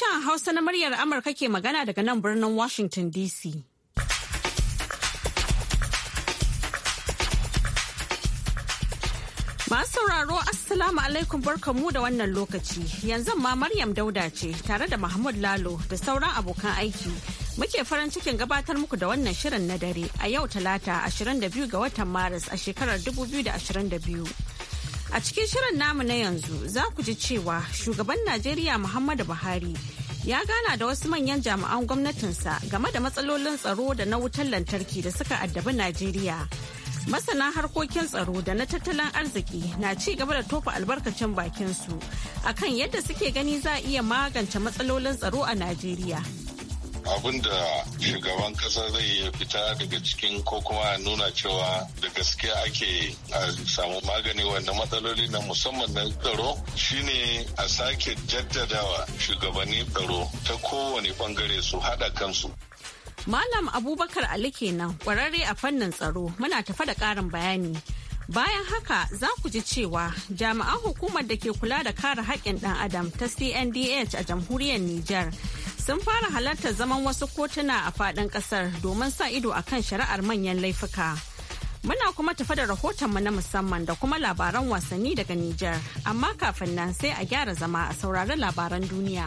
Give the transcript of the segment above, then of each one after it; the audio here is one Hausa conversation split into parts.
Sashen Hausa na muryar Amurka ke magana daga nan birnin Washington DC. Masu sauraro Assalamu alaikum mu da wannan lokaci. Yanzu ma Maryam Dauda ce tare da Mahmud Lalo da sauran abokan aiki. Muke farin cikin gabatar muku da wannan shirin na dare a yau Talata 22 ga watan Maris a shekarar 2022. A cikin shirin namu na yanzu za ku ji cewa shugaban Najeriya Muhammadu Buhari ya gana da wasu manyan jami'an gwamnatinsa game da matsalolin tsaro da na wutar lantarki da suka addabi Najeriya. Masana harkokin tsaro da na tattalin arziki na ci gaba da tofa albarkacin bakinsu akan yadda suke gani za a iya magance matsalolin tsaro a Najeriya. abin da shugaban kasa zai iya fita daga cikin ko kuma nuna cewa da gaskiya ake a samu magani wanda matsaloli na musamman na tsaro shine a sake jaddadawa shugabanni tsaro ta kowane bangare su hada kansu. Malam Abubakar Ali kenan kwararre a fannin tsaro muna tafa da ƙarin bayani. Bayan haka za ku ji cewa jami'an hukumar da ke kula da kare haƙƙin ɗan adam ta CNDH a jamhuriyar Nijar sun fara halartar zaman wasu kotuna a faɗin ƙasar domin sa ido a kan shari'ar manyan laifuka. Muna kuma tafa da rahotonmu na musamman da kuma labaran wasanni daga Nijar, amma kafin nan sai a gyara zama a saurari labaran duniya.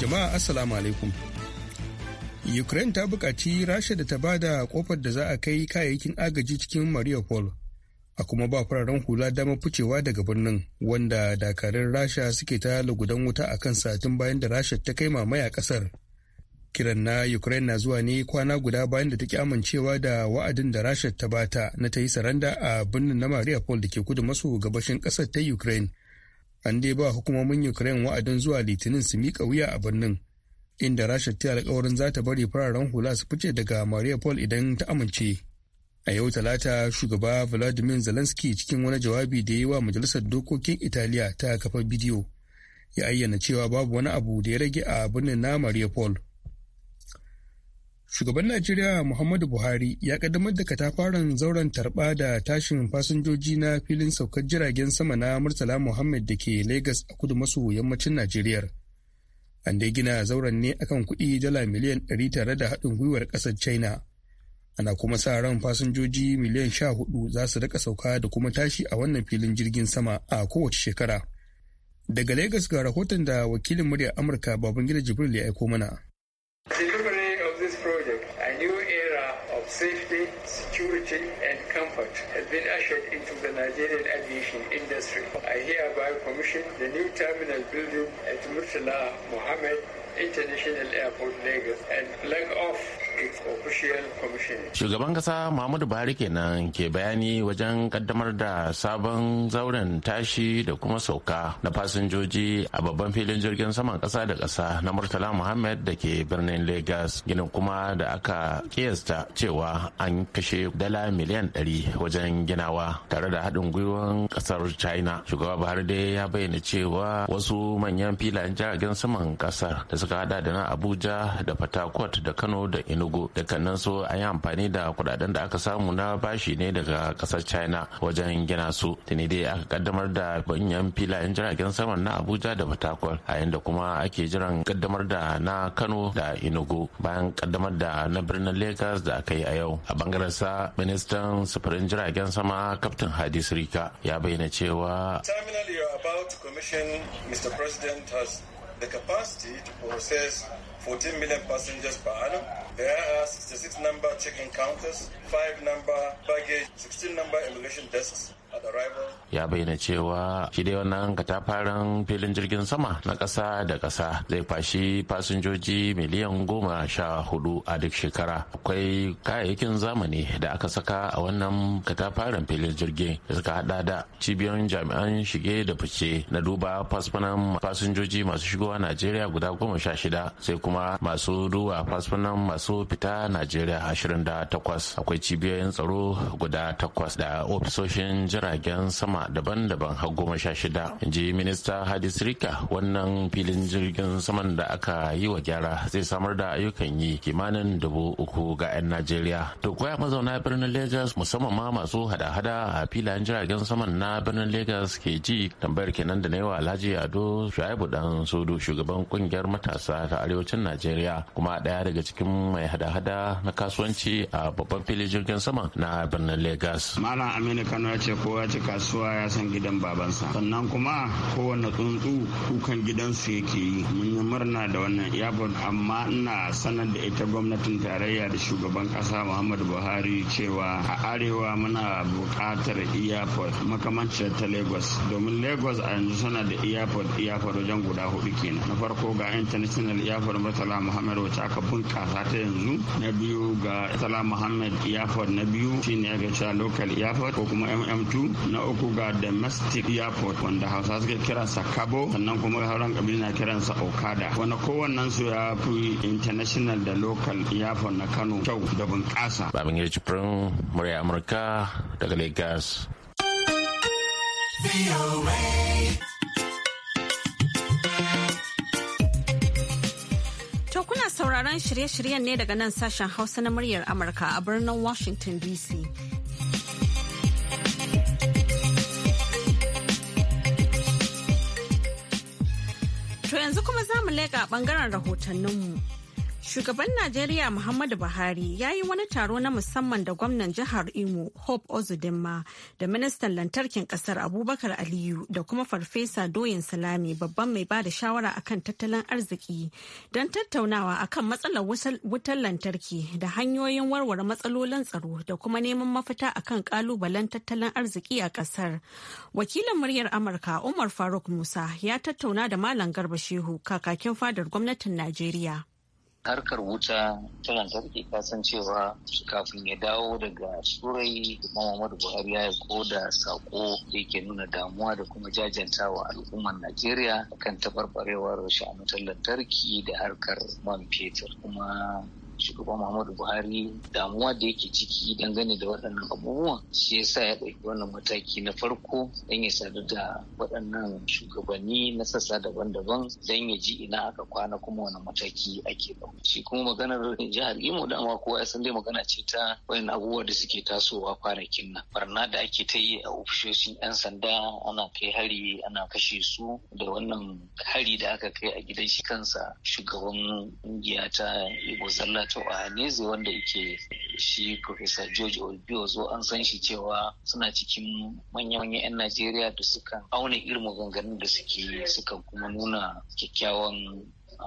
Jama'a Assalamu alaikum. Ukraine ta buƙaci Rasha da ta bada kofar da za a kai kayayyakin agaji cikin Mariupol. a kuma ba fararen hula dama ficewa daga birnin wanda dakarun rasha suke ta lugudan wuta a kan satin bayan da rasha ta kai mamaya kasar kiran na ukraine na zuwa ne kwana guda bayan da ta ki amincewa da wa'adin da rasha ta bata na ta yi saranda a birnin na Mariapol da ke kudu maso gabashin kasar ta ukraine an dai ba hukumomin ukraine wa'adin zuwa litinin su miƙa wuya a birnin inda rasha ta alkawarin za ta bari fararen hula su fice daga mariupol idan ta amince A yau Talata shugaba Vladimir Zelensky cikin wani jawabi da ya yi wa Majalisar Dokokin Italiya ta kafa bidiyo ya ayyana cewa babu wani abu da ya rage a birnin na Mariupol. Shugaban Najeriya Muhammadu Buhari ya kaddamar da katafaren zauren tarba da tashin fasinjoji na filin saukar jiragen sama na Murtala Muhammad da ke Legas a kudu maso yammacin Najeriya. An dai gina zauren ne akan kuɗi dala miliyan 100 tare da haɗin gwiwar ƙasar China. ana kuma sa ran fasinjoji miliyan sha hudu za su rika sauka da kuma tashi a wannan filin jirgin sama a kowace shekara daga lagos ga rahoton da wakilin muryar amurka babangida jibril ya aiko mana aviation industry. the new terminal at Murtala Mohammed International Airport, Lagos, and flag off Shugaban kasa Muhammadu Buhari kenan ke bayani wajen kaddamar da sabon zauren tashi da kuma sauka na fasinjoji a babban filin jirgin saman kasa da kasa na Murtala Muhammad da ke birnin Lagos ginin kuma da aka kiyasta cewa an kashe dala miliyan 100 wajen ginawa tare da haɗin gwiwan kasar China. Shugaba Buhari dai ya bayyana cewa wasu manyan filayen jiragen saman kasar da suka hada da na Abuja da Fatakwat da Kano da Enugu. daga nan so an yi amfani da kudaden da aka samu na bashi ne daga kasar china wajen gina su tuni dai aka kaddamar da banyan filayen jiragen saman na abuja da fatakwal a yanda kuma ake jiran kaddamar da na kano da inugu bayan kaddamar da na birnin lagos da aka yi a yau a bangaren sa ministan sufurin jiragen sama kaftin Hadi rika ya bayyana cewa terminal you about to commission mr president has the capacity to process 14 million passengers per annum. There are 66 number check-in counters, 5 number baggage, 16 number immigration desks, ya bayyana cewa shi dai wannan katafaren filin jirgin sama na ƙasa da ƙasa zai fashi fasinjoji miliyan goma sha hudu a duk shekara akwai kayayyakin zamani da aka saka a wannan katafaren filin jirgin da suka hada da cibiyoyin jami'an shige da fice na duba fasfunan fasinjoji masu shigowa najeriya guda goma sha shida sai kuma masu duba fasfunan masu fita najeriya ashirin da takwas akwai cibiyoyin tsaro guda takwas da ofisoshin jira jiragen sama daban-daban har goma sha shida in ji minista hadis rika wannan filin jirgin saman da aka yi wa gyara zai samar da ayyukan yi kimanin dubu uku ga 'yan najeriya to koya mazauna birnin lagos musamman ma masu hada-hada a filayen jiragen saman na birnin lagos ke ji tambayar kenan da na yi wa alhaji ado shu'aibu dan sodo shugaban kungiyar matasa ta arewacin najeriya kuma daya daga cikin mai hada-hada na kasuwanci a babban filin jirgin sama na birnin lagos malam aminu kano ya ce ko kowa ya kasuwa ya san gidan babansa sannan kuma kowane tsuntsu kukan gidansu yake yi mun yi murna da wannan yabon amma ina sanar da ita gwamnatin tarayya da shugaban kasa muhammadu buhari cewa a arewa muna buƙatar airport makamancin ta lagos domin lagos a yanzu suna da airport airport wajen guda hudu kenan na farko ga international airport murtala muhammad wacce aka bunkasa ta yanzu na biyu ga murtala muhammad airport na biyu shine aka cewa local airport ko kuma mm2 na uku ga domestic airport wanda hausa suke kiransa kabo sannan kuma hauran kabilu na kiransa okada wanda kowannen su ya fi international da local airport na kano kyau da bunƙasa babin yarji firin murya amurka daga lagos To kuna sauraron shirye-shiryen ne daga nan sashen Hausa na muryar Amurka a birnin Washington DC. To yanzu kuma za mu leƙa ɓangaren rahotanninmu. Shugaban Najeriya Muhammadu Buhari ya yi wani taro na musamman da gwamnan jihar Imo Hope Ozudinma da ministan lantarkin kasar Abubakar Aliyu da kuma farfesa Doyin Salami babban mai ba da shawara akan tattalin arziki don tattaunawa akan matsalar wutar lantarki da hanyoyin warware matsalolin tsaro da kuma neman mafita akan kalubalen tattalin arziki a kasar. Wakilin muryar Amurka Umar Faruk Musa ya tattauna da Malam Garba Shehu kakakin fadar gwamnatin Najeriya. harkar wuta ta lantarki kasancewa kafin ya dawo daga turai muhammadu buhari ya ko da sako da yake nuna damuwa da kuma jajantawa al'ummar najeriya kan tabarbarewar sha'anutar lantarki da harkar man fetur kuma shugaban Muhammadu Buhari damuwa da yake ciki dangane da waɗannan abubuwan shi ya sa ya ɗauki wannan mataki na farko don ya sadu da waɗannan shugabanni na sassa daban-daban don ya ji ina aka kwana kuma wani mataki ake ɗauka. Shi kuma maganar jihar Imo dama kowa ya san dai magana ce ta wani abubuwa da suke tasowa kwanakin nan. Barna da ake ta yi a ofishoshin 'yan sanda ana kai hari ana kashe su da wannan hari da aka kai a gidan shi kansa shugaban ƙungiya ta Igbo Sallah wato Ohaneze wanda yake shi Professor George Obiozo an san shi cewa suna cikin manya-manyan 'yan Najeriya da suka auna irin maganganun da suke sukan kuma nuna kyakkyawan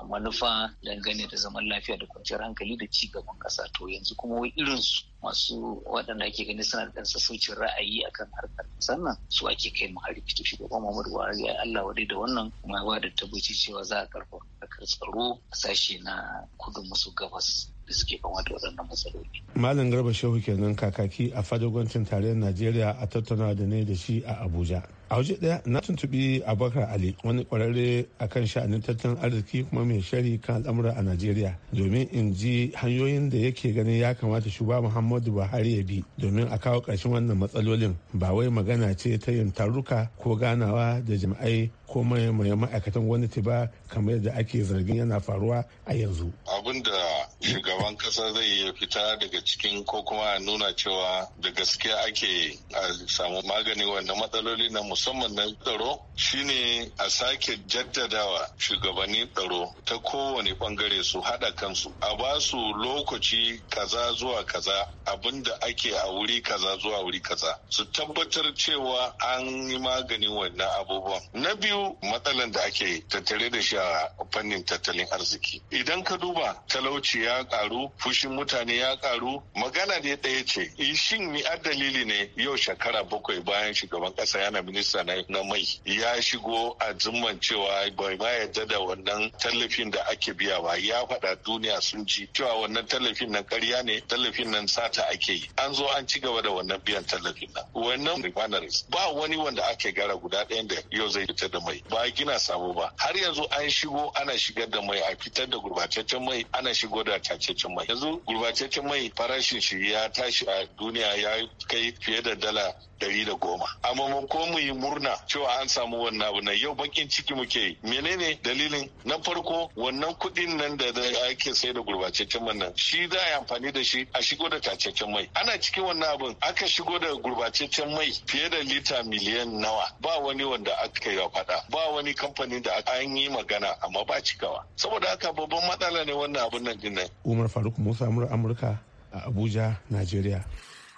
manufa dangane da zaman lafiya da kwanciyar hankali da ci gaban ƙasa to yanzu kuma wai irin su masu waɗanda ake gani suna da ɗan sassaucin ra'ayi akan harkar sannan nan su ake kai mu hari fito shugaban Muhammadu Buhari ya Allah wadai da wannan kuma ba da tabbaci cewa za a karfa harkar tsaro a sashe na kudu musu gabas da suke fama da waɗannan matsaloli. Malam Garba Shehu kenan kakaki a fadogwancin tarayyar Najeriya a tattauna da ne da shi a Abuja. a waje daya na tuntubi abubakar ali wani kwararre akan sha'anin tattalin arziki kuma mai shari kan al'amura a najeriya domin in ji hanyoyin da yake ganin ya kamata shuba muhammadu buhari ya bi domin a kawo ƙarshen wannan matsalolin ba wai magana ce ta yin taruka ko ganawa da jami'ai ko mai ma'aikatan gwamnati ba kamar yadda ake zargin yana faruwa a yanzu abin da shugaban kasa zai yi fita daga cikin ko kuma nuna cewa da gaskiya ake samu magani wannan matsaloli na musamman na tsaro shine a sake jaddadawa shugabannin tsaro ta kowane bangare su hada kansu a ba su lokaci kaza zuwa kaza abinda ake a wuri kaza zuwa wuri kaza su tabbatar cewa an yi maganin wannan abubuwan na biyu matsalan da ake tattare da shi a fannin tattalin arziki idan ka duba talauci ya karu fushin mutane ya karu magana ne ɗaya ce eh, shin ni a dalili ne yau shekara bakwai bayan shugaban ƙasa yana minista minista na mai ya shigo a zumman cewa bai ma yadda da wannan tallafin da ake biya ba ya faɗa duniya sun ji cewa wannan tallafin nan ƙarya ne tallafin nan sata ake yi an zo an ci gaba da wannan biyan tallafin nan wannan refineries ba wani wanda ake gara guda ɗayan da yau zai fitar da mai ba gina sabo ba har yanzu an shigo ana shigar da mai a fitar da gurbataccen mai ana shigo da tacaccen mai yanzu gurbataccen mai farashin shi ya tashi a duniya ya kai fiye da dala ɗari da goma amma ko mu yi murna cewa an samu wannan abu nan yau bakin ciki muke yi menene dalilin na farko wannan kudin nan da ake sai da gurbataccen man nan shi za a yi amfani da shi a shigo da tacaccen mai ana cikin wannan abin aka shigo da gurbataccen mai fiye da lita miliyan nawa ba wani wanda aka yi faɗa ba wani kamfanin da an yi magana amma ba cikawa saboda haka babban matsala ne wannan abin nan din nan umar faruk musa amurka a abuja nigeria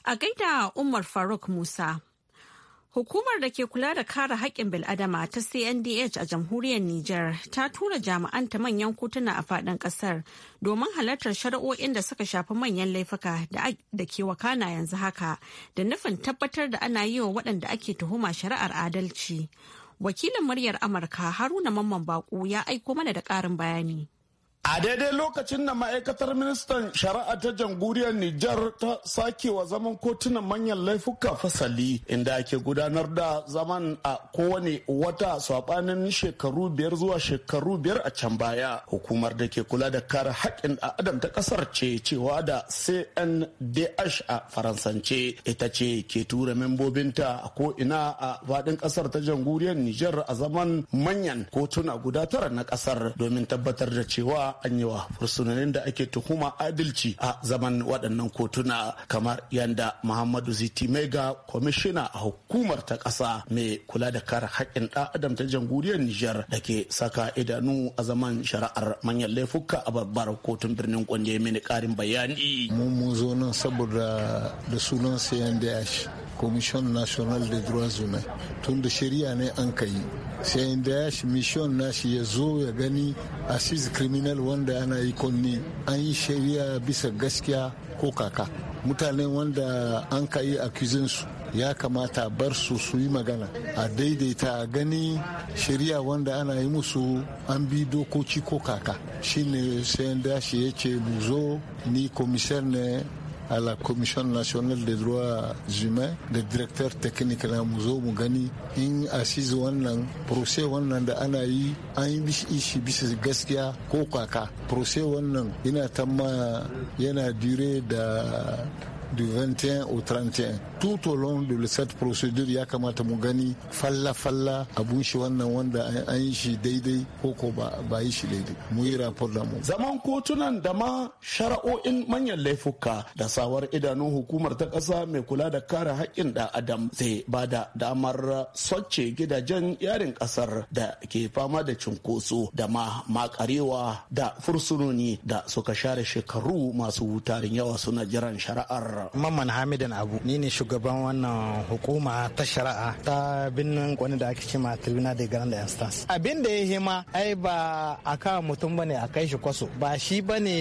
a gaida umar faruk musa Hukumar da ke kula da kare haƙƙin bil'adama ta CNDH a jamhuriyar Nijar ta tura jami'an ta manyan kotuna a faɗin ƙasar domin halartar shari'o'in da suka shafi manyan laifuka da ke wakana yanzu haka da nufin tabbatar da ana yi wa waɗanda ake tuhuma shari'ar adalci. Wakilin muryar Amurka Haruna Mamman Baƙo ya aiko mana da ƙarin bayani. A daidai lokacin da ma'aikatar ministan shari'a ta jamhuriyar Nijar ta sake wa zaman kotunan manyan laifuka fasali inda ake gudanar da zaman a kowane wata saɓanin shekaru biyar zuwa shekaru biyar a can baya. Hukumar da ke kula da kare haƙƙin a adam ta ƙasar ce cewa da CNDH a Faransance ita ce ke tura membobinta a ko'ina a faɗin ƙasar ta jamhuriyar Nijar a zaman manyan kotuna guda tara na ƙasar domin tabbatar da cewa an yi wa fursunonin da ake tuhuma adalci a zaman waɗannan kotuna kamar yadda muhammadu ziti mega kwamishina a hukumar ta ƙasa mai kula da kar haƙƙin ɗan adam ta jamhuriyar nijar da ke saka idanu a zaman shari'ar manyan laifuka a babbar kotun birnin kwanje mini ƙarin bayani mun zo saboda da sunan sayan da commission national de droits humains tun da shari'a ne an kai sayan da mission nashi ya zo ya gani assis criminal wanda ana yi kunni an yi shari'a bisa gaskiya ko kaka mutane wanda an ka yi su ya kamata bar su su yi magana a daidaita gani shari'a wanda ana yi musu an bi dokoki ko kaka shine sai dashi ya ce mu zo ni komisar ne à la Commission nationale des droits humains le directeur technique na mu zo mu gani in assis wannan procès wannan da ana yi an yi shi bisa gaskiya ko kwaka procès wannan ina tamma yana dire da du 21 au 31 tout au long de cette procédure ya kamata mu gani falla-falla abun shi wannan wanda an yi shi daidai ko ko ba yi shi daidai mu yi rapor da mu. Zaman kotunan da ma shara'o'in manyan laifuka da sawar idanun hukumar ta ƙasa mai kula da kare haƙƙin da adam zai ba da damar soce gidajen yarin ƙasar da ke fama da cunkoso da ma makarewa da fursunoni da suka share shekaru masu tarin yawa suna jiran shari'ar. Mamman Hamidan Abu ni ne shugaban wannan hukuma ta shari'a ta binnin kwani da ake cima tribunal de grande instance abin da ya hima ai ba a kan mutum bane a kai shi kwaso ba shi bane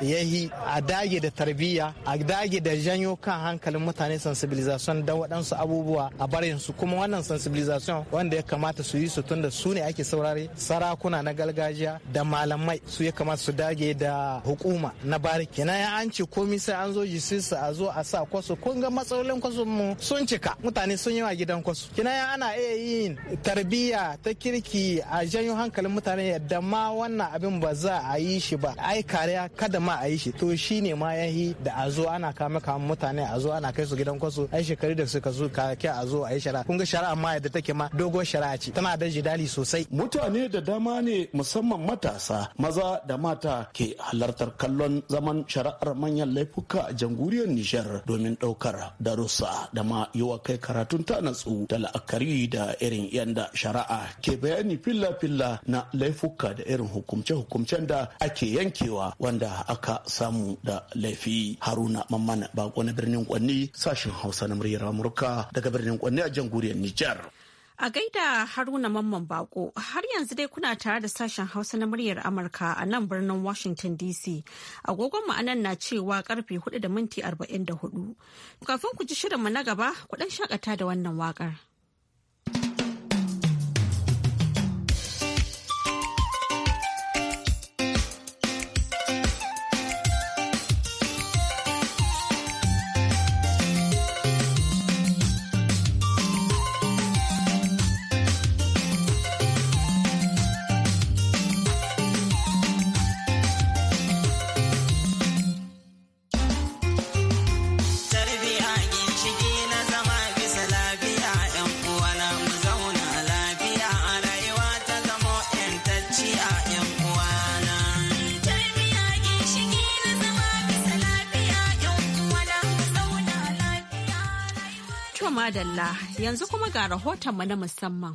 yahi a dage da tarbiyya a dage da janyo kan hankalin mutane sensibilization don waɗansu abubuwa a barin su kuma wannan sensibilization wanda ya kamata su yi su tunda su ne ake saurare sarakuna na gargajiya da malamai su ya kamata su dage da hukuma na bari kenan ya an ce komai sai an zo jisisa a zo a sa kwaso kun ga matsalolin kwaso mu sun cika mutane sun yi wa gidan kwaso kenan ya ana iya yin tarbiyya ta kirki a janyo hankalin mutane yadda ma wannan abin ba za a yi shi ba ai kariya kada ma a yi shi to shi ne ma ya yi da a zo ana kama kama mutane a zo ana kai su gidan kwaso ai shekaru da suka zo ka a zo a yi shara'a kun ga shara'a ma yadda take ma dogon shara'a ce tana da jidali sosai mutane da dama ne musamman matasa maza da mata ke halartar kallon zaman shara'ar manyan laifuka a jamhuriyar Nijar domin ɗaukar darussa da ma yi wa kai karatun ta natsu da la'akari da irin yanda shara'a ke bayani filla-filla na laifuka da irin hukumce-hukumcen da ake yankewa wanda aka samu da laifi haruna mamman bako na birnin kwanni sashen hausa na muryar amurka daga birnin kwanni a jamhuriyar nijar A gaida Haruna Mamman Bako, har yanzu dai kuna tare da sashen Hausa na muryar Amurka a nan birnin Washington DC. Agogon mu anan na cewa karfe 4 da minti 44. Kafin ku ji shirin mu na gaba, ku shakata da wannan wakar. madalla yanzu kuma ga rahotonmu na musamman.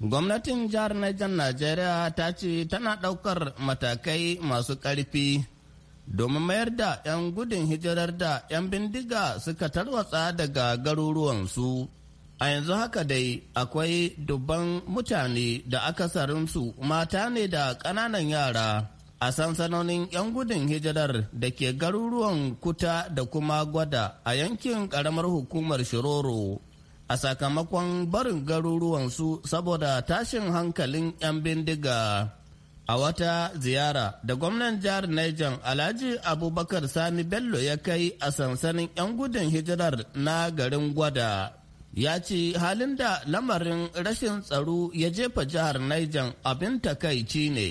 Gwamnatin jihar Niger Najeriya ta ce tana ɗaukar matakai masu ƙarfi domin mayar da 'yan gudun hijirar da 'yan bindiga suka tarwatsa daga garuruwansu. A yanzu haka dai akwai dubban mutane da akasarinsu mata ne da ƙananan yara a sansanonin 'yan gudun hijirar da ke garuruwan kuta da kuma gwada a yankin karamar hukumar shiroro a sakamakon barin garuruwan su saboda tashin hankalin 'yan bindiga a wata ziyara da gwamnan jihar Niger alhaji abubakar sani bello ya kai a sansanin 'yan gudun hijirar na garin gwada ya ce halin da lamarin rashin tsaro ya jefa jihar Niger abin takaici ne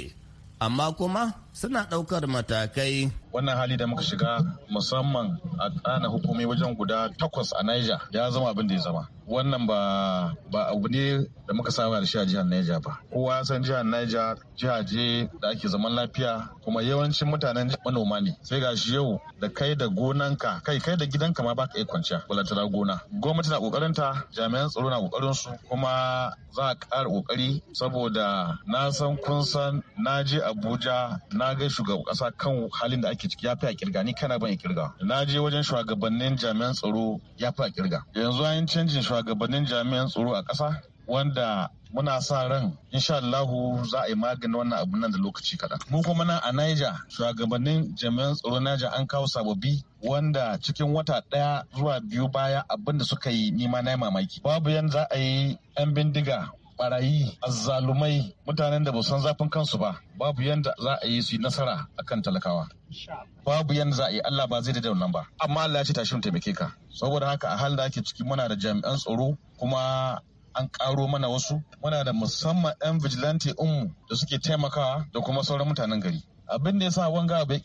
amma kuma suna ɗaukar matakai. Wannan hali da muka shiga musamman a ƙana hukumi wajen guda takwas a Niger ya zama abin da ya zama. wannan ba abu ne da muka saba da shi a jihar Niger ba kowa san jihar Niger jiha je da ake zaman lafiya kuma yawancin mutanen manoma ne sai ga shi yau da kai da gonanka kai kai da gidanka ma baka iya kwanciya balantana gona gwamnati na kokarin ta jami'an tsaro na kokarin su kuma za a ƙara kokari saboda na san kun san na je Abuja na ga shugaban ƙasa kan halin da ake ciki ya fi a kirga ni kana ban kirga na je wajen shugabannin jami'an tsaro ya fi a kirga yanzu an yi canjin shugaban shugabannin jami'an tsaro a ƙasa wanda muna sa ran insha Allahu za a yi maganin wannan abu nan da lokaci kaɗan. Mu kuma nan a Niger shugabannin jami'an tsaro Niger an kawo sababbi wanda cikin wata ɗaya zuwa biyu baya abinda suka yi nima na mamaki. Babu yan za a yi 'yan bindiga barayi azzalumai mutanen da ba san zafin kansu ba babu yanda za a yi su yi nasara akan talakawa babu yanda za a yi Allah ba zai da nan ba amma Allah ya ce tashi mu taimake ka saboda haka a halin da ake ciki muna da jami'an tsaro kuma an karo mana wasu muna da musamman 'yan vigilante umu da suke taimakawa da kuma sauran mutanen gari abin da ya sa wanga ba ya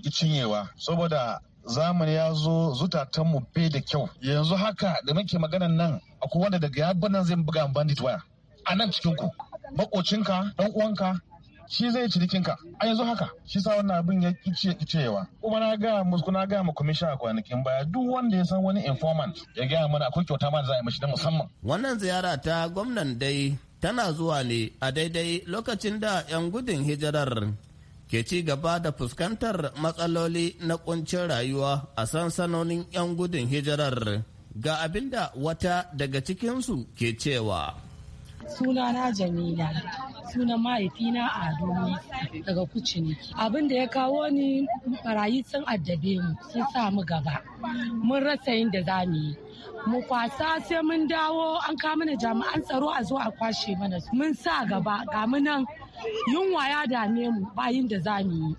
ki cinyewa saboda zamani ya zo zutatanmu bai da kyau yanzu haka da muke maganan nan akwai wanda daga ya zai buga bandit waya a nan cikin ku makocinka dan uwanka shi zai cinikinka a yanzu haka shi sa wannan abin ya kice kicewa kuma na ga musu na ga muku a kwanakin baya duk wanda ya san wani informant ya gaya mana akwai kyauta ma za a yi mashi da musamman wannan ziyara ta gwamnan dai tana zuwa ne a daidai lokacin da 'yan gudun hijirar ke ci gaba da fuskantar matsaloli na kuncin rayuwa a sansanonin 'yan gudun hijirar ga abinda wata daga cikinsu ke cewa sunana jamila sunan mahaifina a ado daga kucini abin da ya kawo ni barayi sun addabe mu sun sa mu gaba mun rasa yin da za mu yi mu kwasa sai mun dawo an kama mana jami'an tsaro a zuwa a kwashe mana mun sa gaba ga mu nan yunwa ya dame mu bayin da za mu yi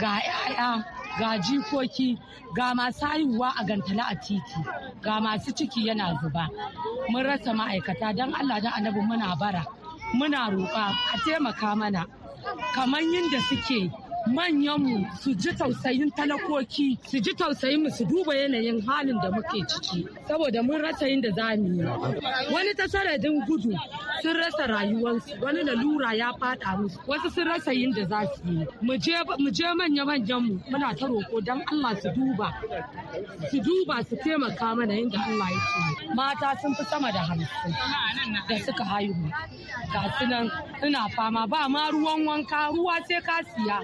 ga 'ya'ya ga jikoki ga masu haihuwa a gantala a titi ga masu ciki yana zuba mun rasa ma'aikata don allah da annabi muna bara muna roƙa a taimaka mana kamar da suke manyanmu su ji tausayin talakoki su ji tausayin su duba yanayin halin da muke ciki saboda mun rasa yin da zamu yi wani ta sanadin gudu sun rasa rayuwarsu wani lalura ya fada musu wasu sun rasa yin da za su yi mu je manya manyan muna ta roko dan Allah su duba su duba su taimaka mana inda Allah ya ce mata sun fi sama da hamsin da suka haihu ga su nan suna fama ba ma ruwan wanka ruwa sai ka siya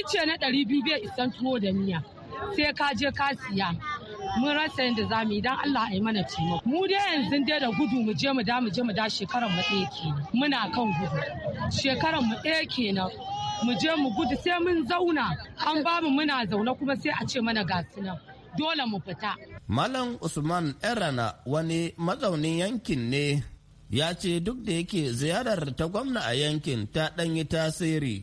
ice na ɗari biyu bai isan tuwo da miya sai ka je ka siya mun rasa yadda za mu yi don Allah a mana taimako. Mu dai yanzu dai da gudu mu je mu da mu je mu da shekaran mu ɗaya kenan muna kan gudu shekaran mu ɗaya kenan mu je mu gudu sai mun zauna an ba mu muna zaune kuma sai a ce mana ga nan dole mu fita. Malam Usman Erana wani mazaunin yankin ne ya ce duk da yake ziyarar ta gwamna a yankin ta ɗanyi tasiri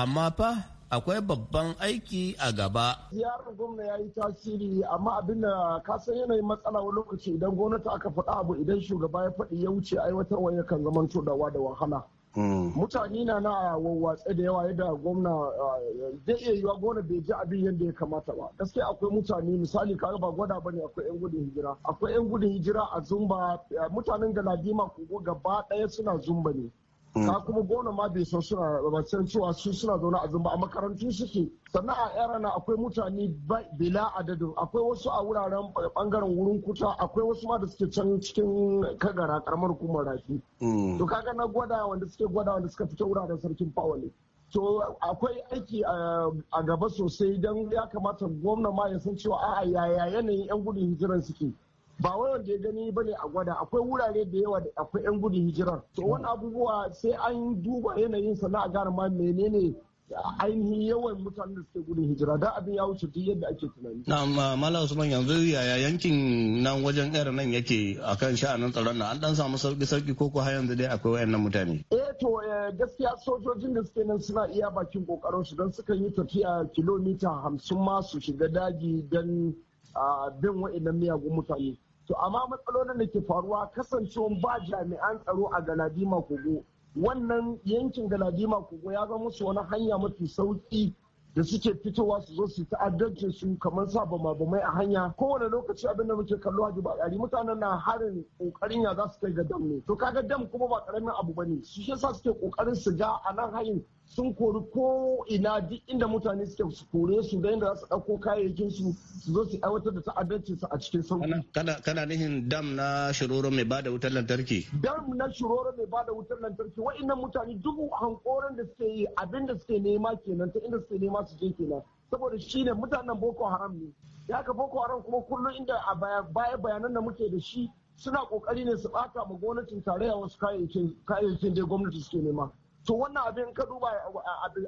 amma fa akwai babban aiki a gaba. Ziyarar gwamna ya yi tasiri amma abin da ka san yanayin matsala wani lokaci idan gwamnati aka faɗa abu idan shugaba ya faɗi ya wuce aiwatarwa yakan zaman dawa da wahala. Hmm. Mutane na na wawwatse da yawa yadda gwamna eh, zai iya yiwa gwamna bai ji abin yadda ya kamata ba. Gaskiya akwai mutane misali ka ba gwada bane akwai 'yan gudun hijira. Akwai 'yan gudun hijira a zumba eh, mutanen galadima kogo gaba ɗaya suna zumba ne. Mm. ka kuma gona ma bai san suna rabacin cewa su suna zaune a zumba a makarantu suke sannan a yara na akwai mutane bila adadin akwai wasu a wuraren bangaren wurin kuta akwai wasu ma da suke can cikin kagara karamar kuma rafi mm. to kaga na gwada wanda suke gwada wanda suka fita wuraren sarkin fawale to akwai aiki eh, a gaba sosai don ya kamata gwamna ma ya san cewa a'a yaya yanayin yan gudun hijiran suke ba wai wanda ya gani bane a gwada akwai wurare da yawa da akwai yan gudun hijirar to wani abubuwa sai an duba yanayin sana'a gane ma menene ainihin yawan mutanen da suke gudun hijira da abin ya wuce duk yadda ake tunani. Na mala Usman yanzu yaya yankin nan wajen yar nan yake akan sha'anin tsaron nan an dan samu sauki sauki ko ko har yanzu dai akwai wayannan mutane. Eh to eh, gaskiya sojojin da suke nan suna iya bakin kokarin su dan suka yi tafiya kilomita hamsin ma su shiga daji dan a ah, bin wa'annan miyagun mutane. to amma matsalolin da ke faruwa kasancewa ba jami'an tsaro a galadima kogo wannan yankin galadima kogo ya zama musu wani hanya mafi sauki da suke fitowa su zo su ta'addancin su kamar sa bama bamai a hanya kowane lokaci abin da muke kallo haji ba ƙari mutanen na harin kokarin ya za su kai ga dam ne to kaga dam kuma ba karamin abu ba ne. shi yasa suke kokarin su ga a nan hanyar. sun kori ko ina duk inda mutane suke su kore su da inda su ɗauko kayayyakin su su zo su aiwatar da ta'addanci su a cikin sauki. Kana nihin dam na shiroro mai bada wutar lantarki. Dam na shiroro mai bada wutar lantarki wa'annan mutane dubu hankoran da suke yi abin da suke nema kenan ta inda suke nema su je kenan saboda shi ne mutanen Boko Haram ne. Ya ka Boko Haram kuma kullum inda a baya bayanan da muke da shi suna kokari ne su bata ma gwamnatin tarayya wasu kayayyakin dai gwamnati suke nema. to wannan abin ka duba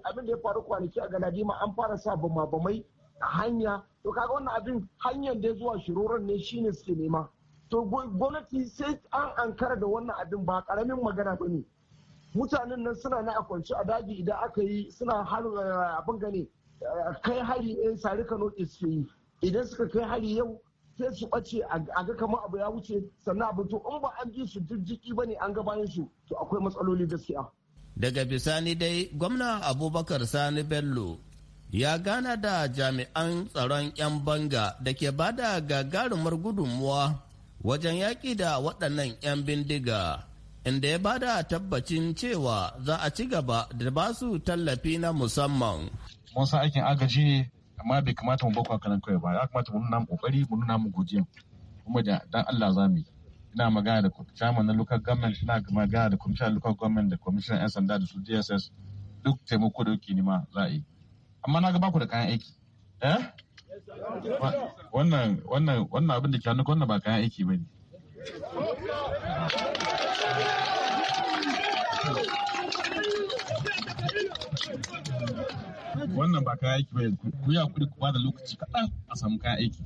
abin da ya faru kwanaki a galadima an fara sa bama bamai a hanya to kaga wannan abin hanyar da zuwa shiroron ne shine suke nema to gwamnati sai an ankara da wannan abin ba karamin magana ba ne mutanen nan suna na a kwance a daji idan aka yi suna harin eh, abin gane eh, kai hari yan eh, sari kano suke yi idan suka kai hari yau sai su ɓace a ga kamar abu ya wuce sannan abin to in ba an bi su jijjiki ba ne an ga bayan su to akwai matsaloli gaskiya daga bisani dai gwamna abubakar sani bello ya gana da jami'an tsaron 'yan banga da ke ba da gagarumar gudunmuwa wajen yaƙi da waɗannan 'yan bindiga inda ya ba da tabbacin cewa za a ci gaba da ba su tallafi na musamman. mun san aikin agaji ne amma bai kamata mu bakwa kanan kawai ba ya kamata mu nuna mu kokari mu nuna mu godiya kuma da dan Allah za mu yi ina magana da chairman na local government ina magana da commissioner local government da commissioner yan sanda da su dss duk taimako da yake nima za a yi amma na ga ku da kayan aiki eh wannan wannan wannan abin da ke hannu wannan ba kayan aiki ne wannan ba kayan aiki ne ku ya kudi ku ba da lokaci kaɗan a samu kayan aiki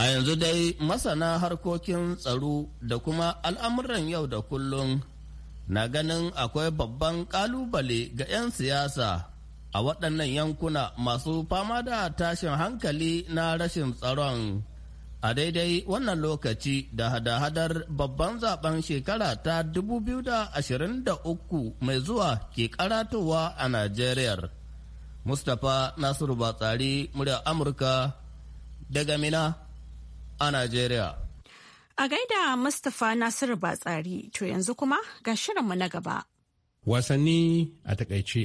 A yanzu dai masana harkokin tsaro da kuma al'amuran yau da kullum na ganin akwai babban ƙalubale ga 'yan siyasa a waɗannan yankuna masu fama da tashin hankali na rashin tsaron. A daidai wannan lokaci da hada-hadar babban zaben shekara ta 2023 mai zuwa ke karatowa a Najeriya. Mustapha Nasiru Batsari, murya Amurka, daga Mina. a Najeriya. A gaida Mustapha Nasiru Batsari to yanzu kuma ga shirinmu na gaba. Wasanni a takaice.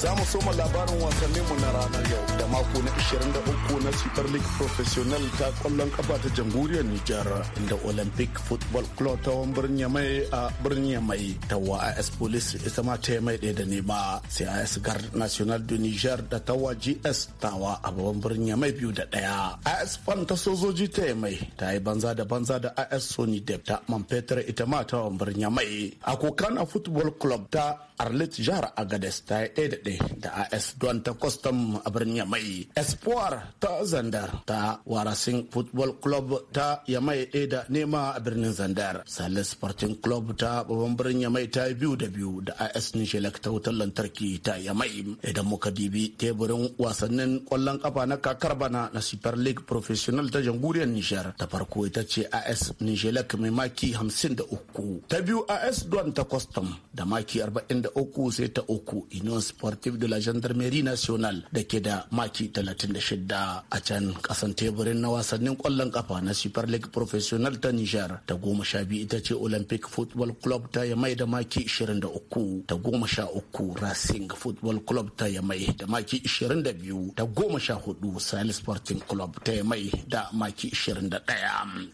za mu soma labarin wasanninmu na ranar yau mako na 23 na super league professional ta kwallon kafa ta jamhuriyar nijar inda olympic football club ta birnin mai a birnin mai tawa AS police ita ma ta mai da nema sai as guard national du nijar da wa gs tawa a babban birnin mai biyu da ɗaya AS fan ta sojoji ta mai ta yi banza da banza da AS sony dep ta manfetar ita ma ta birnin mai a kokana football club ta arlit jihar agades ta yi ɗaya da ɗaya da AS don ta custom a birnin yamai yamai espoir ta zandar ta warasin football club ta yamai ɗaya da nema a birnin zandar salis sporting club ta babban birnin yamai ta biyu da biyu da as nishelek ta wutar lantarki ta yamai idan muka dibi teburin wasannin kwallon kafa na kakar bana na super league professional ta jamhuriyar nishar ta farko ita ce as nishelek mai maki 53 ta biyu as don ta custom da maki 43 sai ta uku union sportive de la gendarmerie nationale da ke da maki maki 36 a can kasan teburin na wasannin kwallon kafa na super league professional ta nijar ta goma sha biyu ita ce olympic football club ta mai da maki 23 ta goma sha uku racing football club ta mai da maki 22 ta goma sha hudu sahel sporting club ta mai da maki 21 da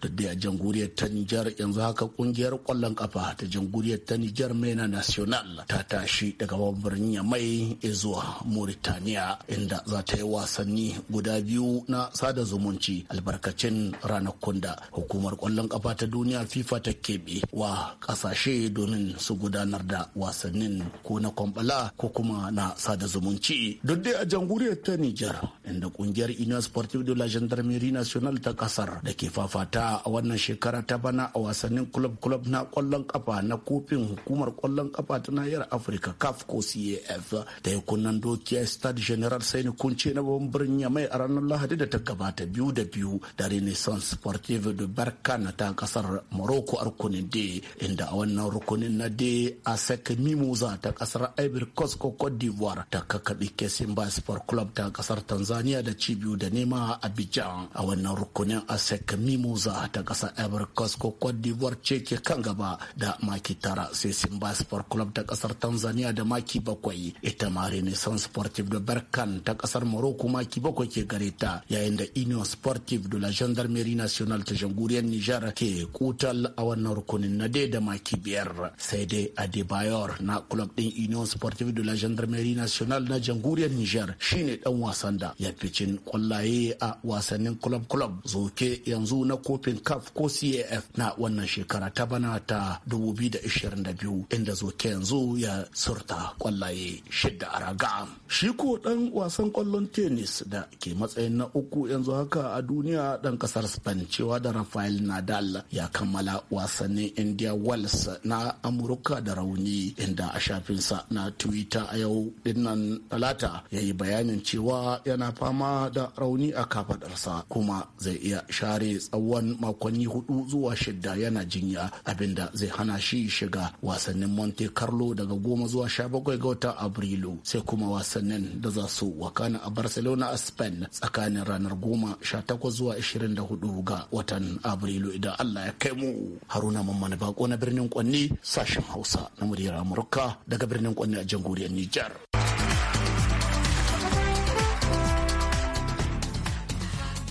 da jamhuriyar ta nijar yanzu haka kungiyar kwallon kafa ta jamhuriyar ta nijar mena national ta tashi daga babban birnin yamai zuwa mauritania inda za ta ta yi wasanni guda biyu na sada zumunci albarkacin ranakun da hukumar kwallon kafa ta duniya fifa ta keɓe wa ƙasashe domin su gudanar da wasannin ko na kwambala ko kuma na sada zumunci duk dai a jamhuriyar ta nijar inda kungiyar union sportive de la gendarmerie nationale ta kasar da ke fafata a wannan shekara ta bana a wasannin club club na kwallon kafa na kofin hukumar kwallon kafa ta nahiyar afirka caf ko caf ta yi kunnan dokiya stade general sani kunci ce na babban birnin Yamai a ranar Lahadi da ta gabata biyu da biyu da Renaissance Sportive de Barkana ta kasar Morocco a rukunin de inda a wannan rukunin na a Asec Mimosa ta kasar Ivory Coast ko Cote d'Ivoire ta kakkaɓe ba Sport Club ta kasar Tanzania da ci biyu da nema a Abidjan a wannan rukunin Asec Mimosa ta kasar Ivory Coast ko Cote d'Ivoire ce ke kan gaba da maki tara sai Simba Sport Club ta kasar Tanzania da maki bakwai ita ma Renaissance Sportive de Barkan ta kasar morocco maki bakwai ke gare ta yayin da union sportive de la gendarmerie nationale ta jamhuriyar niger ke kutal a wannan rukunin na dai da maki biyar sai dai adebayor na club din union sportive de la gendarmerie nationale na jamhuriyar niger shine dan wasan da ya ficin kwallaye a wasannin club club zoke yanzu na kofin caf ko caf na wannan shekara ta bana ta 2022 inda zoke yanzu ya surta kwallaye shidda a raga shi ko dan wasan kwallon tennis da ke matsayin na uku yanzu haka a duniya dan kasar spain cewa da rafael nadal ya kammala wasannin india wells na amurka da rauni inda a shafinsa na twitter a yau dinnan talata ya yi bayanin cewa yana fama da rauni a kafadarsa kuma zai iya share tsawon makonni hudu zuwa shida yana jinya abinda zai hana shi shiga wasannin monte carlo daga goma zuwa sha bakwai ga watan abrilu sai kuma wasannin da za su wakana a barcelona a spain tsakanin ranar goma sha takwas zuwa ishirin da hudu ga watan abrilu idan allah ya kai mu haruna mamman bako na birnin kwanni sashen hausa na muryar amurka daga birnin kwanni a jamhuriyar nijar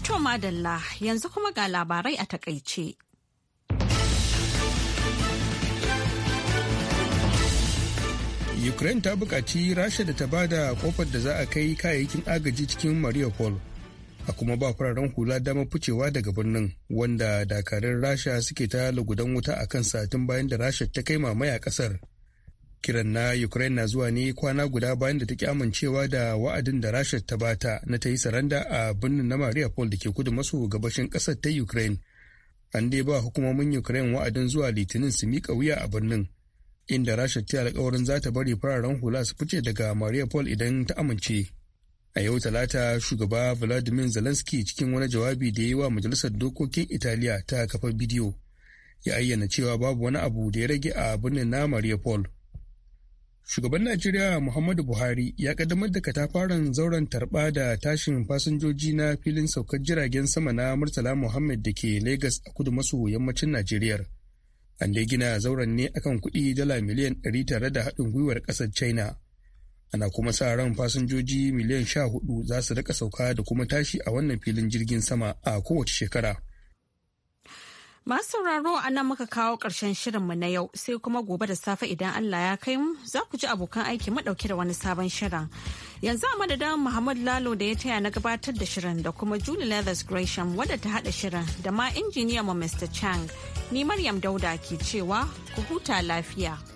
To madalla yanzu kuma ga labarai a takaice. ukraine ta buƙaci rasha da ta bada kofar da za a kai kayayyakin agaji cikin mariupol a kuma ba fararen hula damar ficewa daga birnin wanda dakarun rasha suke ta lugudan wuta a kan satin bayan da rasha ta kai mamaya kasar kiran na ukraine na zuwa ne kwana guda bayan da ta ki amincewa da wa'adin da rasha ta bata na ta yi saranda a birnin na mariupol da ke kudu maso gabashin kasar ta ukraine an dai ba hukumomin ukraine wa'adin zuwa litinin su miƙa wuya a birnin inda rasha ta alkawarin za ta bari fararen hula su fice daga mariupol idan ta amince a yau talata shugaba vladimir zelensky cikin wani jawabi da ya yi wa majalisar dokokin italiya ta kafa bidiyo ya ayyana cewa babu wani abu da ya rage a birnin na mariupol shugaban najeriya muhammadu buhari ya kaddamar da katafaren zauren tarba da tashin fasinjoji na filin saukar jiragen sama na murtala muhammad da ke lagos a kudu maso yammacin najeriya An dai gina zauren ne akan kuɗi dala miliyan tare da haɗin gwiwar ƙasar China. Ana kuma sa ran fasinjoji miliyan 14 za su rika sauka da kuma tashi a wannan filin jirgin sama a kowace shekara. Masu sauraro a nan muka kawo ƙarshen shirinmu na yau sai kuma gobe da safe idan Allah ya kai mu za ku ji abokan aiki ɗauke da wani sabon shirin. Yanzu a madadin Muhammad Lalo da ya taya na gabatar da shirin da kuma Julie Leathers Gresham wadda ta haɗa shirin da ma injiniya mu Mr. Chang. Ni Maryam Dauda ke cewa ku huta lafiya.